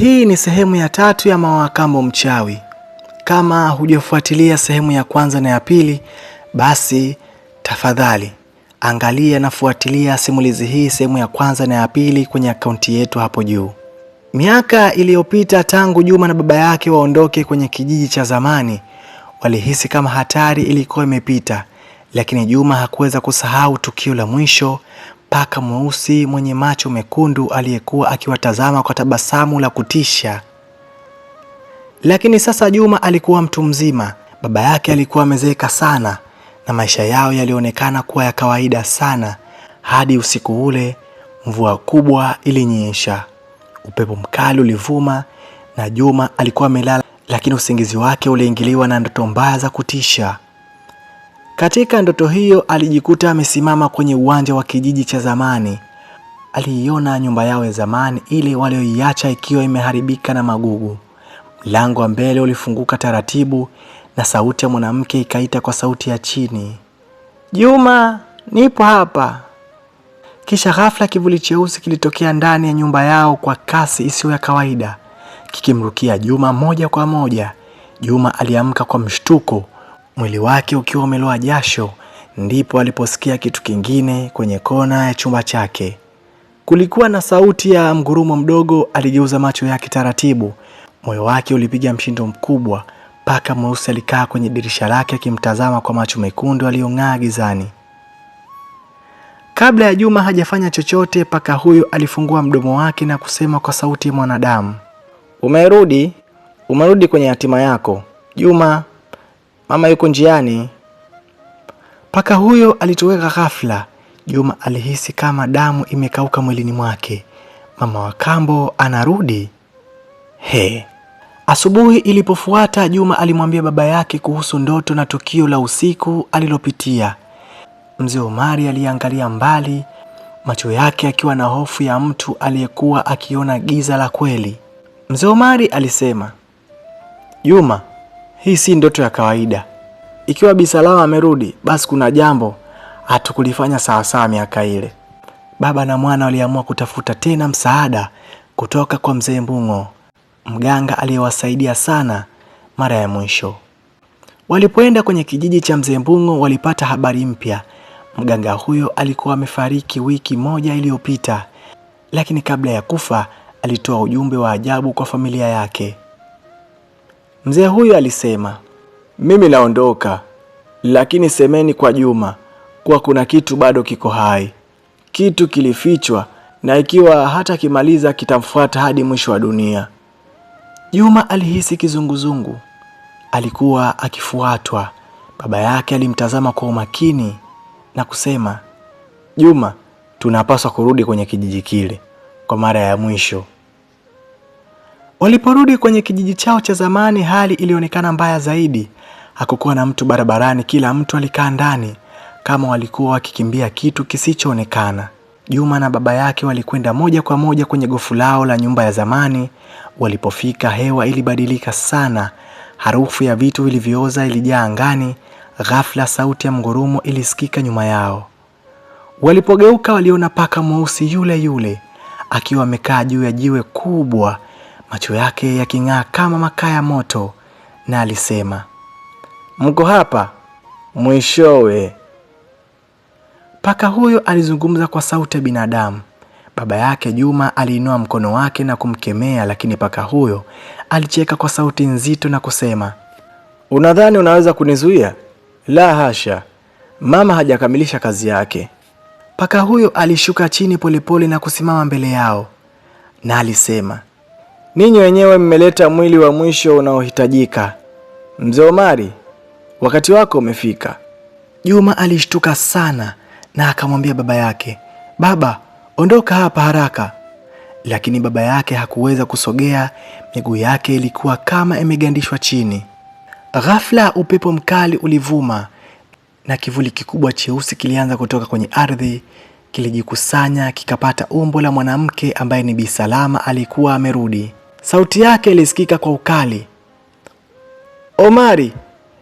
Hii ni sehemu ya tatu ya Mawakambo Mchawi. Kama hujafuatilia sehemu ya kwanza na ya pili, basi tafadhali angalia na fuatilia simulizi hii sehemu ya kwanza na ya pili kwenye akaunti yetu hapo juu. Miaka iliyopita tangu Juma na baba yake waondoke kwenye kijiji cha zamani, walihisi kama hatari ilikuwa imepita, lakini Juma hakuweza kusahau tukio la mwisho Paka mweusi mwenye macho mekundu aliyekuwa akiwatazama kwa tabasamu la kutisha. Lakini sasa Juma alikuwa mtu mzima. Baba yake alikuwa amezeeka sana na maisha yao yalionekana kuwa ya kawaida sana hadi usiku ule. Mvua kubwa ilinyesha, upepo mkali ulivuma na Juma alikuwa amelala, lakini usingizi wake uliingiliwa na ndoto mbaya za kutisha. Katika ndoto hiyo alijikuta amesimama kwenye uwanja wa kijiji cha zamani. Aliiona nyumba yao ya zamani ile walioiacha ikiwa imeharibika na magugu. Mlango wa mbele ulifunguka taratibu na sauti ya mwanamke ikaita kwa sauti ya chini, Juma, nipo hapa. Kisha ghafla kivuli cheusi kilitokea ndani ya nyumba yao kwa kasi isiyo ya kawaida, kikimrukia Juma moja kwa moja. Juma aliamka kwa mshtuko, mwili wake ukiwa umeloa jasho, ndipo aliposikia kitu kingine kwenye kona ya chumba chake. Kulikuwa na sauti ya mgurumo mdogo. Aligeuza macho yake taratibu, moyo wake ulipiga mshindo mkubwa. Paka mweusi alikaa kwenye dirisha lake akimtazama kwa macho mekundu aliyong'aa gizani. Kabla ya Juma hajafanya chochote, paka huyo alifungua mdomo wake na kusema kwa sauti ya mwanadamu, umerudi, umerudi kwenye hatima yako Juma mama yuko njiani. Paka huyo alitoweka ghafla. Juma alihisi kama damu imekauka mwilini mwake. Mama wa kambo anarudi? He! Asubuhi ilipofuata, Juma alimwambia baba yake kuhusu ndoto na tukio la usiku alilopitia. Mzee Omari aliangalia mbali, macho yake akiwa na hofu ya mtu aliyekuwa akiona giza la kweli. Mzee Omari alisema, Juma, hii si ndoto ya kawaida. Ikiwa Bi Salama amerudi, basi kuna jambo hatukulifanya sawasawa miaka ile. Baba na mwana waliamua kutafuta tena msaada kutoka kwa mzee Mbung'o, mganga aliyewasaidia sana mara ya mwisho. Walipoenda kwenye kijiji cha mzee Mbung'o, walipata habari mpya. Mganga huyo alikuwa amefariki wiki moja iliyopita, lakini kabla ya kufa alitoa ujumbe wa ajabu kwa familia yake. Mzee huyo alisema, mimi naondoka, lakini semeni kwa Juma kuwa kuna kitu bado kiko hai, kitu kilifichwa, na ikiwa hata kimaliza kitamfuata hadi mwisho wa dunia. Juma alihisi kizunguzungu, alikuwa akifuatwa. Baba yake alimtazama kwa umakini na kusema, Juma, tunapaswa kurudi kwenye kijiji kile kwa mara ya mwisho. Waliporudi kwenye kijiji chao cha zamani, hali ilionekana mbaya zaidi. Hakukuwa na mtu barabarani, kila mtu alikaa ndani kama walikuwa wakikimbia kitu kisichoonekana. Juma na baba yake walikwenda moja kwa moja kwenye gofu lao la nyumba ya zamani. Walipofika, hewa ilibadilika sana. Harufu ya vitu vilivyooza ilijaa angani. Ghafla, sauti ya mgurumo ilisikika nyuma yao. Walipogeuka, waliona paka mweusi yule yule akiwa amekaa juu ya jiwe kubwa macho yake yaking'aa kama makaa ya moto, na alisema, mko hapa mwishowe. Paka huyo alizungumza kwa sauti ya binadamu. Baba yake Juma aliinua mkono wake na kumkemea, lakini paka huyo alicheka kwa sauti nzito na kusema, unadhani unaweza kunizuia? La hasha, mama hajakamilisha kazi yake. Paka huyo alishuka chini polepole pole na kusimama mbele yao, na alisema ninyi wenyewe mmeleta mwili wa mwisho unaohitajika. Mzee Omari, wakati wako umefika. Juma alishtuka sana na akamwambia baba yake, baba, ondoka hapa haraka. Lakini baba yake hakuweza kusogea, miguu yake ilikuwa kama imegandishwa chini. Ghafla upepo mkali ulivuma na kivuli kikubwa cheusi kilianza kutoka kwenye ardhi, kilijikusanya kikapata umbo la mwanamke ambaye ni Bi Salama alikuwa amerudi. Sauti yake ilisikika kwa ukali. Omari,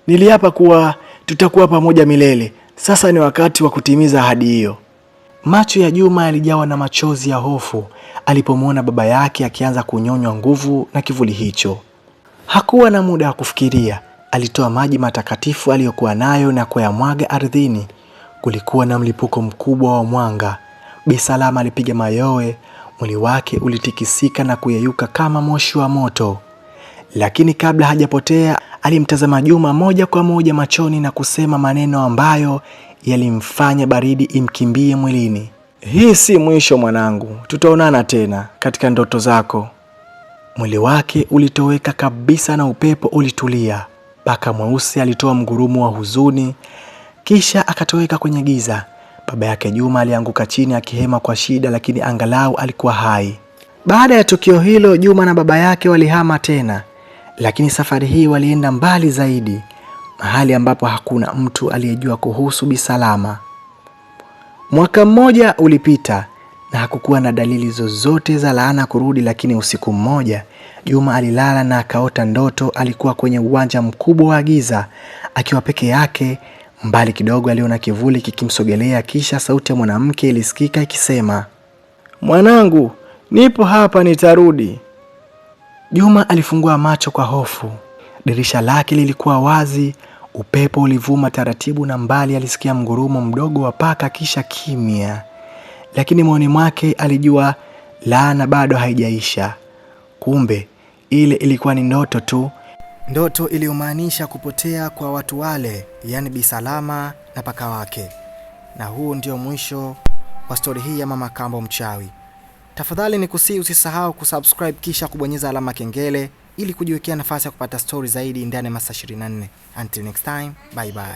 niliapa kuwa tutakuwa pamoja milele. Sasa ni wakati wa kutimiza ahadi hiyo. Macho ya Juma yalijawa na machozi ya hofu alipomwona baba yake akianza kunyonywa nguvu na kivuli hicho. Hakuwa na muda wa kufikiria, alitoa maji matakatifu aliyokuwa nayo na kuyamwaga ardhini. Kulikuwa na mlipuko mkubwa wa mwanga. Bi Salama alipiga mayowe Mwili wake ulitikisika na kuyeyuka kama moshi wa moto, lakini kabla hajapotea alimtazama Juma moja kwa moja machoni na kusema maneno ambayo yalimfanya baridi imkimbie mwilini. Hii si mwisho mwanangu, tutaonana tena katika ndoto zako. Mwili wake ulitoweka kabisa na upepo ulitulia. Paka mweusi alitoa mgurumo wa huzuni, kisha akatoweka kwenye giza. Baba yake Juma alianguka chini akihema kwa shida, lakini angalau alikuwa hai. Baada ya tukio hilo, Juma na baba yake walihama tena, lakini safari hii walienda mbali zaidi, mahali ambapo hakuna mtu aliyejua kuhusu Bisalama. Mwaka mmoja ulipita na hakukuwa na dalili zozote za laana kurudi, lakini usiku mmoja Juma alilala na akaota ndoto. Alikuwa kwenye uwanja mkubwa wa giza akiwa peke yake Mbali kidogo aliona kivuli kikimsogelea, kisha sauti ya mwanamke ilisikika ikisema, mwanangu, nipo hapa, nitarudi. Juma alifungua macho kwa hofu. Dirisha lake lilikuwa wazi, upepo ulivuma taratibu, na mbali alisikia mgurumo mdogo wa paka, kisha kimya, lakini moyoni mwake alijua laana bado haijaisha. Kumbe ile ilikuwa ni ndoto tu ndoto iliyomaanisha kupotea kwa watu wale, yaani Bi Salama na paka wake. Na huu ndio mwisho wa stori hii ya Mama Kambo Mchawi. Tafadhali ni kusii usisahau kusubscribe kisha kubonyeza alama kengele ili kujiwekea nafasi ya kupata stori zaidi ndani ya masaa 24. Until next time, bye bye.